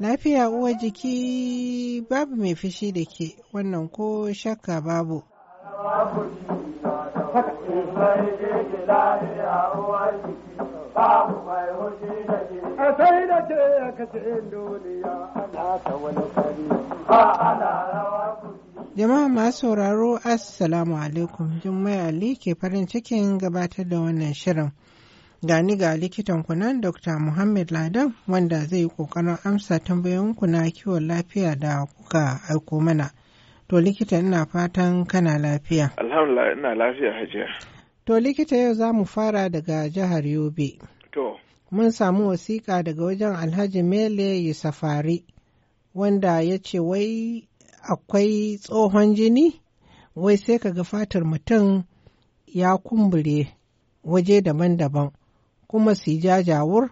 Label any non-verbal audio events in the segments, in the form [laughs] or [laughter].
Lafiya uwa jiki babu mai fushi da ke wannan ko shakka babu. Jama'a masu sauraro Assalamu alaikum Jummai Ali ke farin cikin gabatar da wannan shirin. Gani ga likitan kunan Dr. Muhammad Ladan wanda zai yi kokarin amsa tambayoyin na kiwon lafiya da kuka aiko mana. To likita ina fatan kana lafiya. Alhamdulillah ina lafiya hajiya. To likita yau za mu fara daga jihar Yobe. To. Mun samu wasiƙa daga wajen Alhaji Mele Yusafari wanda ya ce wai akwai tsohon jini wai sai ka ga fatar mutum ya kumbure waje daban-daban kuma su jajawur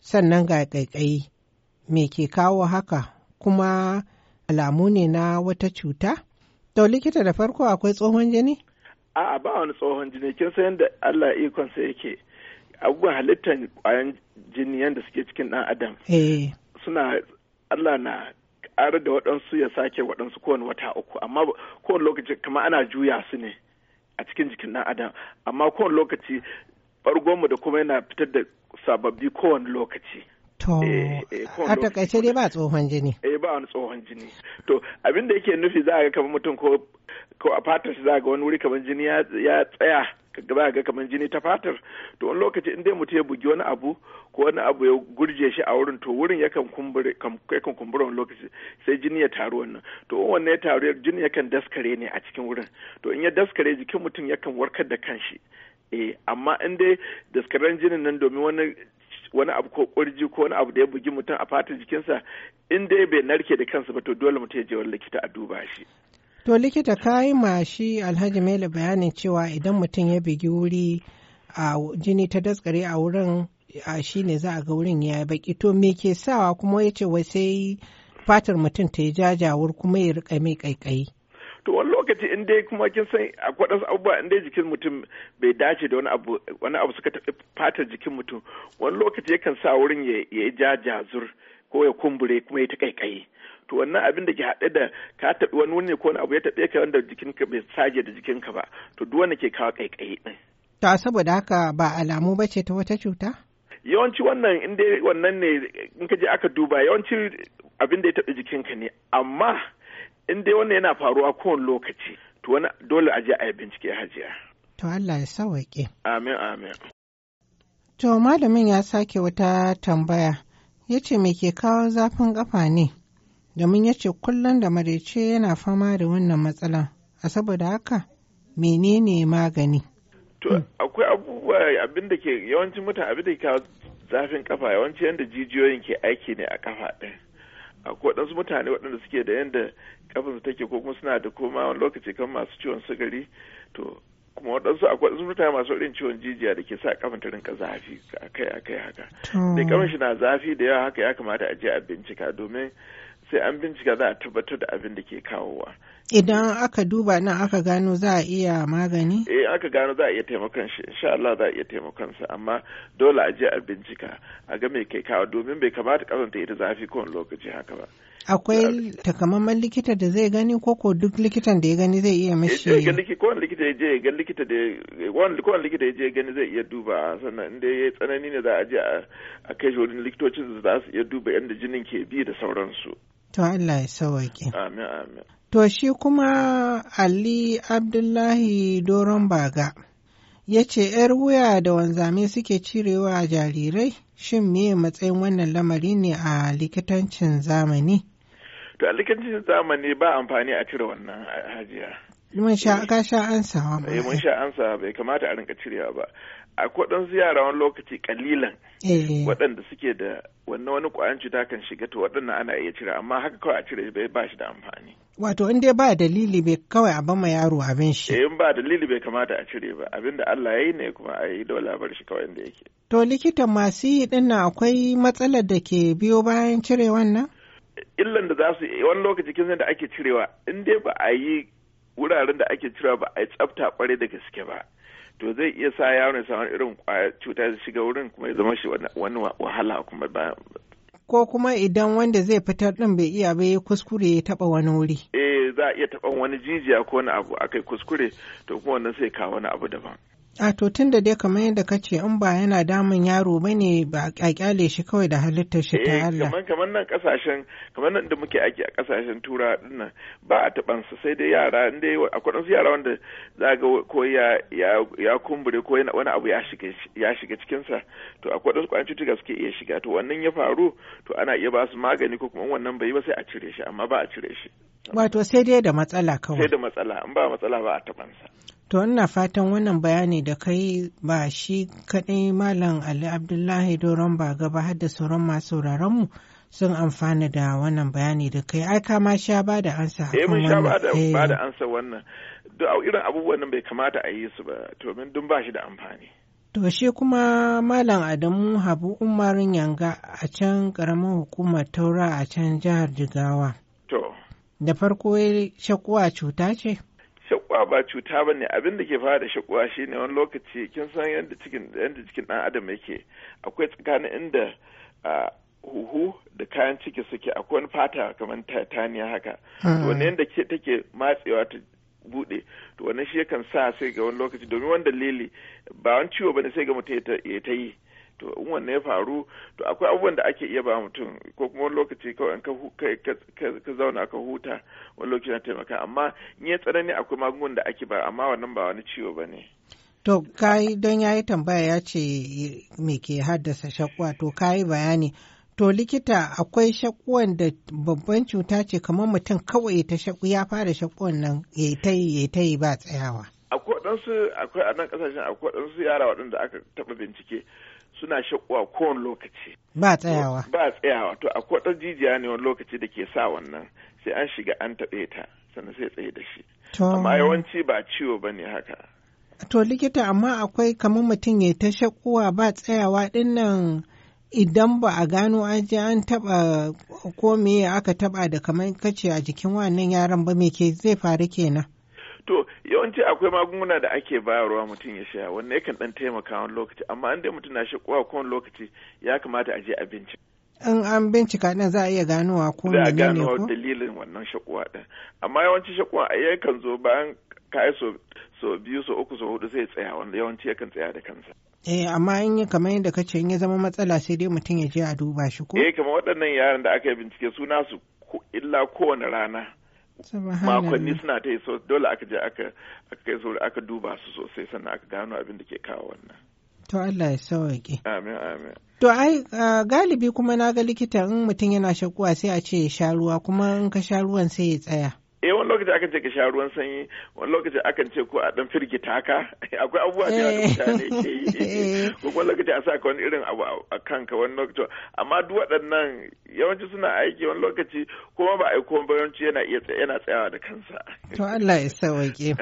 sannan ga ƙaiƙayi me ke kawo haka kuma alamu ne na wata cuta? To likita da farko akwai tsohon jini? A'a ba wani tsohon jini kin san yadda Allah ikonsa yake abubuwan halittar kwayan jini yadda suke cikin ɗan adam. Eh. Suna Allah na ƙarar da waɗansu ya sake waɗansu kowane wata uku amma kowane lokaci kama ana juya su ne a cikin jikin ɗan adam amma kowane lokaci ɓargonmu da kuma yana fitar da sababbi kowane lokaci To, eh, eh, a takaice dai ba tsohon jini. Eh ba wani tsohon jini. To, abin da yake nufi za a ga kamar mutum ko a fatar shi za a ga wani wuri kamar jini ya tsaya gaba ga kamar jini ta fatar to wani lokaci in dai mutum ya bugi wani abu ko wani abu ya gurje shi a wurin to wurin yakan kumbura yakan kumbura wani lokaci sai jini ya taru wannan to wannan ya taru jini yakan daskare ne a cikin wurin to in ya daskare jikin mutum yakan warkar da kanshi eh amma in dai daskaren jinin nan domin wani wani abu ko kurji ko wani abu da ya bugi mutum a fatar jikinsa in dai bai narke da kansa ba to dole mutum ya je wani likita a duba shi To likita ka yi mashi Alhaji Mele bayanin cewa idan mutum ya bigi wuri a jini ta daskare a wurin a shi ne za a ga wurin ya baki to me ke sawa kuma ya ce wai sai fatar mutum ta yi jajawar kuma ya rika mai kaikayi. to wani lokaci in dai kuma kin san a wasu abubuwa in dai jikin mutum bai dace da wani abu wani abu suka tafi fatar jikin mutum wani lokaci yakan sa wurin ya yi jajazur ko ya kumbure kuma ya ta kaikayi to wannan abin da ke haɗe da ka taɓi wani wuni ko wani abu ya taɓe ka wanda jikinka bai sage da jikinka ba to duk wanda ke kawo ƙaiƙayi ɗin. To saboda haka ba alamu ba ce ta wata cuta? Yawanci wannan in dai wannan ne in ka je aka duba yawanci abin da ya taɓi jikinka ne amma in dai wannan yana faruwa kowane lokaci to wani dole a je a yi bincike hajiya. To Allah ya sawaƙe. Amin amin. To malamin ya sake wata tambaya ya ce me ke kawo zafin ƙafa ne? domin ya ce kullum da marece yana fama da wannan matsalan a saboda haka menene magani to hmm. akwai abubuwa abin da ke yawancin mutane abin da ke zafin kafa yawanci yadda jijiyoyin ke aiki ne a kafa ɗin akwai waɗansu mutane waɗanda suke da yadda su take ko kuma suna da koma wani lokaci kan masu ciwon sigari to kuma waɗansu akwai waɗansu mutane masu irin ciwon jijiya da ke sa kafin ta rinka zafi akai akai haka da kafan shi na zafi da yawa haka ya kamata a je a bincika domin sai an bincika za a tabbatar da abin da ke kawowa. Idan aka duba nan aka gano za a iya magani? Eh aka gano za a iya taimakon shi, insha Allah za a iya taimakon sa amma dole a je a bincika a ga me kai kawo domin bai kamata kasanta ita zafi wani lokaci haka ba. Akwai takamaiman likita da zai gani ko ko duk likitan da ya gani zai iya eh, mashi. Ya ga wani likita ya je ga likita da wani likita ya je gani zai iya duba sannan inda ya tsanani ne za a je a kai shi wurin likitocin da za su iya duba yadda jinin ke bi da sauransu. To Allah ya sawaƙe. Amin amin. To shi kuma Ali Abdullahi Doron Baga ya ce ‘yar wuya da wanzame suke cirewa a jarirai shin me matsayin wannan lamari ne a likitancin zamani? To a likitancin zamani ba amfani a cire wannan hajiya. mun sha ka sha ansawa eh mun sha sawa bai kamata a rinka cirewa ba a ɗan ziyara wani lokaci kalilan eh. waɗanda suke da wannan wani ƙwayan cuta kan shiga to waɗannan ana iya cire amma haka kawai a cire bai ba shi da amfani wato in dai ba dalili bai kawai a bama yaro abin shi eh, in ba dalili bai kamata a cire ba abinda Allah ya yi ne kuma a yi dole a bar shi kawai inda yake to likitan masu yi din akwai matsalar da ke biyo bayan cire wannan illan da za su wani lokaci kin da ake cirewa in dai ba a yi wuraren da ake cira ba a yi tsafta kwarai da gaske ba to zai iya sa yaron ya samu irin cuta da shiga wurin kuma ya zama shi wani wahala kuma ba ko kuma idan wanda zai fitar din bai iya ya kuskure ya taba wani wuri eh za a iya taba wani jijiya ko wani abu akai kuskure to kuma wannan sai kawo wani abu daban A to tun da dai kamar yadda ka ce in ba yana damun yaro ba ne ba a kyale shi kawai da halittar shi ta eh, Allah. Kamar kamar nan kasashen kamar nan da muke aiki a kasashen tura dinnan ba a taban su sai dai yara in dai akwai su yara wanda za ga ko ya ya kumbure ko wani abu ya shiga ya shiga cikin sa to akwai su kwanci tuga suke iya shiga to wannan ya faru to ana iya ba su magani ko kuma wannan bai ba sai a cire shi amma ba a cire shi. Wato sai dai da matsala kawai. Sai da matsala, in ba matsala ba a tabansa. To ina fatan wannan bayani da kai ba shi kaɗai Malam Ali Abdullahi Doron ba gaba har da sauran masu mu sun amfana da wannan bayani da kai ai kama sha ba da ansa eh mun sha eh. ba da ansa wannan duk irin abubuwan nan bai kamata a yi su ba to min dun ba shi da amfani to shi kuma malam Adamu Habu Umar Yanga a can ƙaramin hukumar Taura a can jihar Jigawa da farko shakuwa cuta ce? Shakuwa ba cuta ba ne abin da ke fara da shakuwa shi ne wani lokaci kin san yadda cikin ɗan adam yake akwai tsakanin inda huhu da kayan ciki suke akwai wani fata kamar titaniya haka ah. wani yadda take matsewa ta bude to wannan shi yakan sa sai ga wani lokaci domin wani dalili ba wani ciwo ba ne sai ga mutum ya ta yi to in wanne ya faru to akwai abubuwan da ake iya ba mutum ko kuma wani lokaci kawai in ka zauna ka huta wani lokaci na taimaka amma in ya tsanani akwai magungun da ake ba amma wannan ba wani ciwo ba ne. To kai don ya yi tambaya ya ce me ke haddasa shakwa to kayi bayani To likita akwai shakuwan da babban cuta ce kamar mutum kawai ta shaku ya fara shakuwan nan ya ta yi ya ta yi ba tsayawa. Akwai waɗansu akwai a nan ƙasashen akwai waɗansu yara waɗanda aka taɓa bincike suna shakuwa kowane lokaci. Ba tsayawa. Ba tsayawa to a ɗan jijiya ne wani lokaci da ke sa wannan sai an shiga an taɓe ta sannan sai tsaye da shi. Amma yawanci ba ciwo ba ne haka. To likita amma akwai kamar mutum ya ta shakuwa ba tsayawa din nan idan ba a gano an je an taɓa ko me aka taɓa da kamar kace a jikin wannan yaron ba me ke zai faru kenan. to yawanci akwai magunguna da ake bayarwa mutum ya sha wanne yakan dan taimaka wani lokaci amma inda mutum na shi kowa kowane lokaci ya kamata a je a bincika in an bincika din za a iya ganowa ko menene ko da ganowa dalilin wannan shakuwa din amma yawanci shakuwa a kan zo bayan kai so so biyu so uku so hudu zai tsaya wanda yawanci yakan tsaya da kansa eh amma in yi kamar yadda kace in ya zama matsala sai dai mutum ya je a duba shi ko eh kamar waɗannan yaran da aka yi bincike su nasu illa kowane rana makonni suna ta yi so dole aka je aka kai zuwa aka duba su sosai sannan aka gano abin da ke kawo wannan to Allah ya sauke amin amin to ai galibi kuma na ga likita in mutum yana shakuwa sai a ce ya sha ruwa kuma in ka sha ruwan sai ya tsaya eh wani lokaci akan ce ka sha ruwan sanyi wani lokaci akan ce ko a dan firgita ka [laughs] akwai abubuwa da eh. mutane ke yi [laughs] [laughs] ko kuma lokaci a sa ka wani irin abu a kanka wani lokaci amma duk waɗannan yawanci suna aiki wani lokaci kuma ba yi kuma yawanci yana iya yana tsayawa da kansa to Allah ya sauke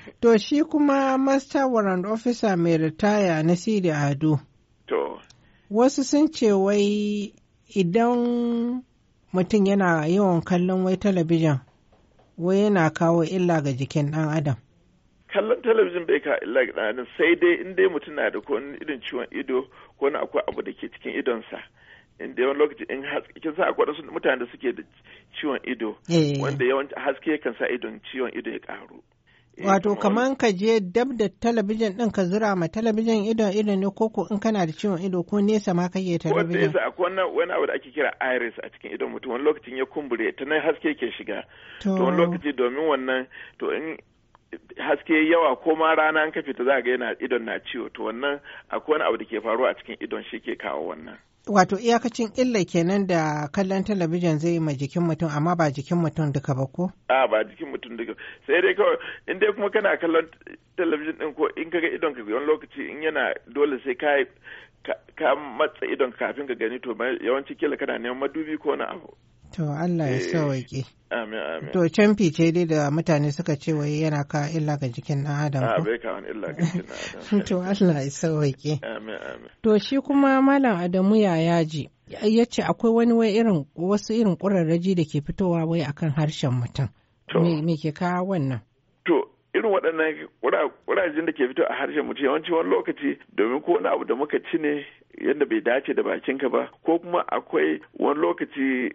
[laughs] to shi kuma master warrant officer mai ritaya na Sidi Ado to wasu sun ce wai idan mutum yana yawan kallon wai talabijin wai yana kawo illa ga jikin ɗan adam kallon talabijin bai ka illa ga ɗan sai dai in dai mutum na da ko irin ciwon ido ko na akwai abu da ke cikin idonsa in da yawan lokaci in kin sa akwai wasu mutane da suke da ciwon ido eh. wanda yawan haske kan sa idon ciwon ido ya karu eh, wato kaman ka je dab da talabijin din ka zura ma talabijin idon ido ne ko ko in kana da ciwon ido ko nesa ma kake talabijin wanda yasa akwai wannan wani abu da ake kira iris a cikin idon mutum wani lokacin ya kumbure ta nan haske ke shiga to wani lokaci domin wannan to in haske yawa ko ma rana an ka fita za ga yana idon na ciwo to wannan akwai wani abu da ke faruwa a cikin idon shi ke kawo wannan wato iyakacin illa kenan da kallon talabijin zai yi ma jikin mutum amma ba jikin mutum duka ba ko a ba jikin mutum duka sai dai kawai in dai kuma kana kallon talabijin din ko in kaga idon ka wani lokaci in yana dole sai ka ka matsa idon kafin ka gani to yawanci kila kana neman madubi ko na abu To Allah ya eh, sauwaƙe. Amin amin. To can fice dai da mutane suka ce wai yana ka illa ga jikin ɗan adam. A bai ka illa ga jikin ɗan adam. [laughs] To Allah ya sauwaƙe. Amin amin. To shi kuma Malam Adamu ya yaji. Ya ce akwai wani wai irin wasu irin ƙurarraji da ke fitowa wai akan harshen mutum. To. Me ke kawo wannan? To irin waɗannan ƙurajen da ke fito a harshen mutum yawanci wani lokaci domin ko wani abu da muka ci ne yadda bai dace da bakinka ba ko kuma akwai wani lokaci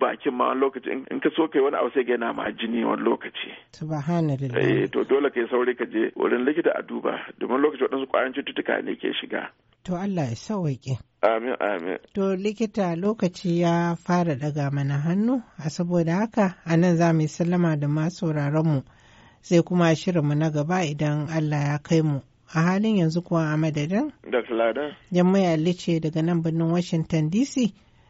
bakin ma wani lokaci in ka so kai wani abu sai ga yana ma jini wani lokaci subhanallah eh to dole kai sauri ka je wurin likita a duba domin lokaci waɗansu ƙwayan cututtuka ne ke shiga to Allah ya sauwaƙe Amin, amin. To likita lokaci ya fara daga mana hannu, a saboda haka a nan za mu yi sallama da masu mu sai kuma shirinmu na gaba idan Allah ya kai mu. A halin yanzu kuwa a madadin? Dr. Lada. daga nan birnin Washington DC.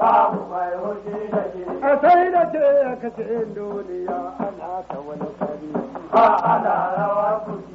babu da ke a sai da ce ka ce duniya ana ta wani kari ba ana rawa kusa